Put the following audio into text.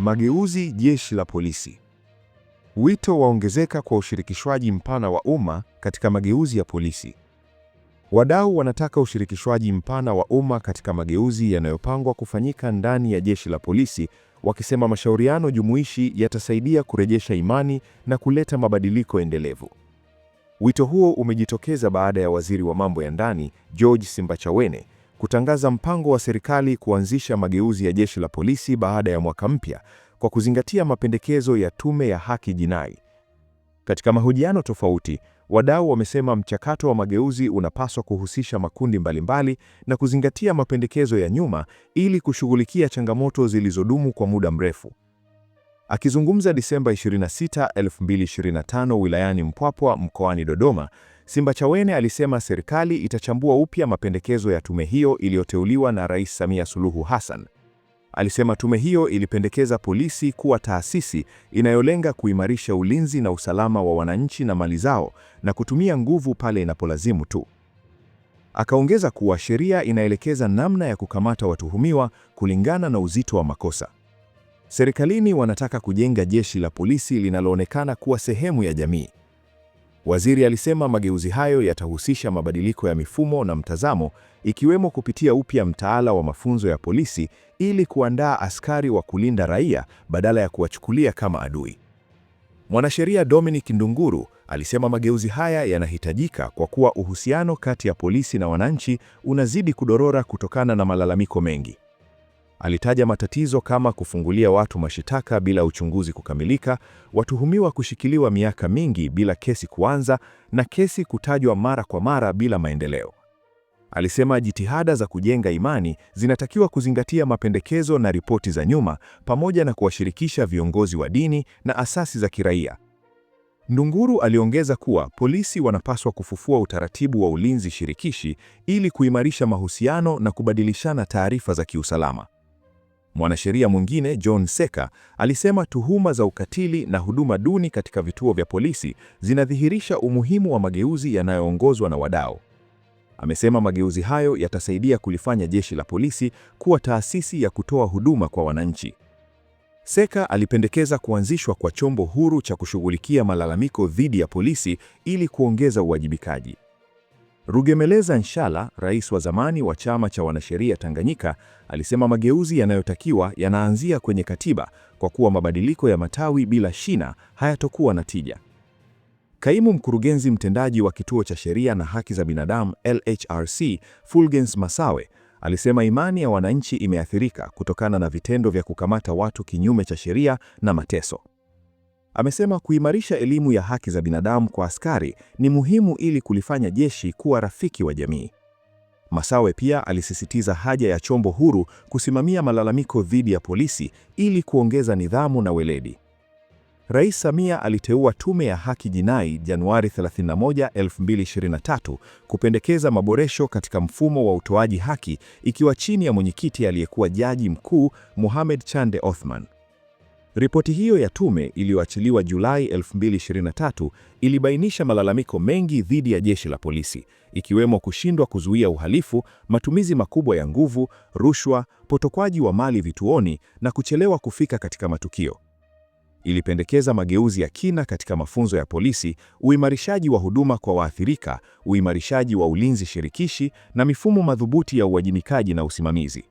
Mageuzi jeshi la polisi. Wito waongezeka kwa ushirikishwaji mpana wa umma katika mageuzi ya polisi. Wadau wanataka ushirikishwaji mpana wa umma katika mageuzi yanayopangwa kufanyika ndani ya jeshi la polisi, wakisema mashauriano jumuishi yatasaidia kurejesha imani na kuleta mabadiliko endelevu. Wito huo umejitokeza baada ya Waziri wa Mambo ya Ndani, George Simbachawene kutangaza mpango wa serikali kuanzisha mageuzi ya jeshi la polisi baada ya mwaka mpya kwa kuzingatia mapendekezo ya Tume ya Haki Jinai. Katika mahojiano tofauti, wadau wamesema mchakato wa mageuzi unapaswa kuhusisha makundi mbalimbali na kuzingatia mapendekezo ya nyuma ili kushughulikia changamoto zilizodumu kwa muda mrefu. Akizungumza Disemba 26, 2025 wilayani Mpwapwa mkoani Dodoma, Simbachawene alisema serikali itachambua upya mapendekezo ya tume hiyo iliyoteuliwa na Rais Samia Suluhu Hassan. Alisema tume hiyo ilipendekeza polisi kuwa taasisi inayolenga kuimarisha ulinzi na usalama wa wananchi na mali zao na kutumia nguvu pale inapolazimu tu. Akaongeza kuwa sheria inaelekeza namna ya kukamata watuhumiwa kulingana na uzito wa makosa. Serikalini wanataka kujenga jeshi la polisi linaloonekana kuwa sehemu ya jamii. Waziri alisema mageuzi hayo yatahusisha mabadiliko ya mifumo na mtazamo, ikiwemo kupitia upya mtaala wa mafunzo ya polisi ili kuandaa askari wa kulinda raia badala ya kuwachukulia kama adui. Mwanasheria Dominic Ndunguru alisema mageuzi haya yanahitajika kwa kuwa uhusiano kati ya polisi na wananchi unazidi kudorora kutokana na malalamiko mengi. Alitaja matatizo kama kufungulia watu mashitaka bila uchunguzi kukamilika, watuhumiwa kushikiliwa miaka mingi bila kesi kuanza, na kesi kutajwa mara kwa mara bila maendeleo. Alisema jitihada za kujenga imani zinatakiwa kuzingatia mapendekezo na ripoti za nyuma pamoja na kuwashirikisha viongozi wa dini na asasi za kiraia. Ndunguru aliongeza kuwa polisi wanapaswa kufufua utaratibu wa ulinzi shirikishi ili kuimarisha mahusiano na kubadilishana taarifa za kiusalama. Mwanasheria mwingine John Seka alisema tuhuma za ukatili na huduma duni katika vituo vya polisi zinadhihirisha umuhimu wa mageuzi yanayoongozwa na wadau. Amesema mageuzi hayo yatasaidia kulifanya jeshi la polisi kuwa taasisi ya kutoa huduma kwa wananchi. Seka alipendekeza kuanzishwa kwa chombo huru cha kushughulikia malalamiko dhidi ya polisi ili kuongeza uwajibikaji. Rugemeleza Nshala, rais wa zamani wa chama cha wanasheria Tanganyika, alisema mageuzi yanayotakiwa yanaanzia kwenye katiba kwa kuwa mabadiliko ya matawi bila shina hayatokuwa na tija. Kaimu mkurugenzi mtendaji wa kituo cha sheria na haki za binadamu LHRC, fulgens Masawe, alisema imani ya wananchi imeathirika kutokana na vitendo vya kukamata watu kinyume cha sheria na mateso. Amesema kuimarisha elimu ya haki za binadamu kwa askari ni muhimu ili kulifanya jeshi kuwa rafiki wa jamii. Masawe pia alisisitiza haja ya chombo huru kusimamia malalamiko dhidi ya polisi ili kuongeza nidhamu na weledi. Rais Samia aliteua Tume ya Haki Jinai Januari 31, 2023 kupendekeza maboresho katika mfumo wa utoaji haki ikiwa chini ya mwenyekiti aliyekuwa Jaji Mkuu Mohamed Chande Othman. Ripoti hiyo ya tume iliyoachiliwa Julai 2023 ilibainisha malalamiko mengi dhidi ya jeshi la polisi, ikiwemo kushindwa kuzuia uhalifu, matumizi makubwa ya nguvu, rushwa, potokwaji wa mali vituoni na kuchelewa kufika katika matukio. Ilipendekeza mageuzi ya kina katika mafunzo ya polisi, uimarishaji wa huduma kwa waathirika, uimarishaji wa ulinzi shirikishi na mifumo madhubuti ya uwajibikaji na usimamizi.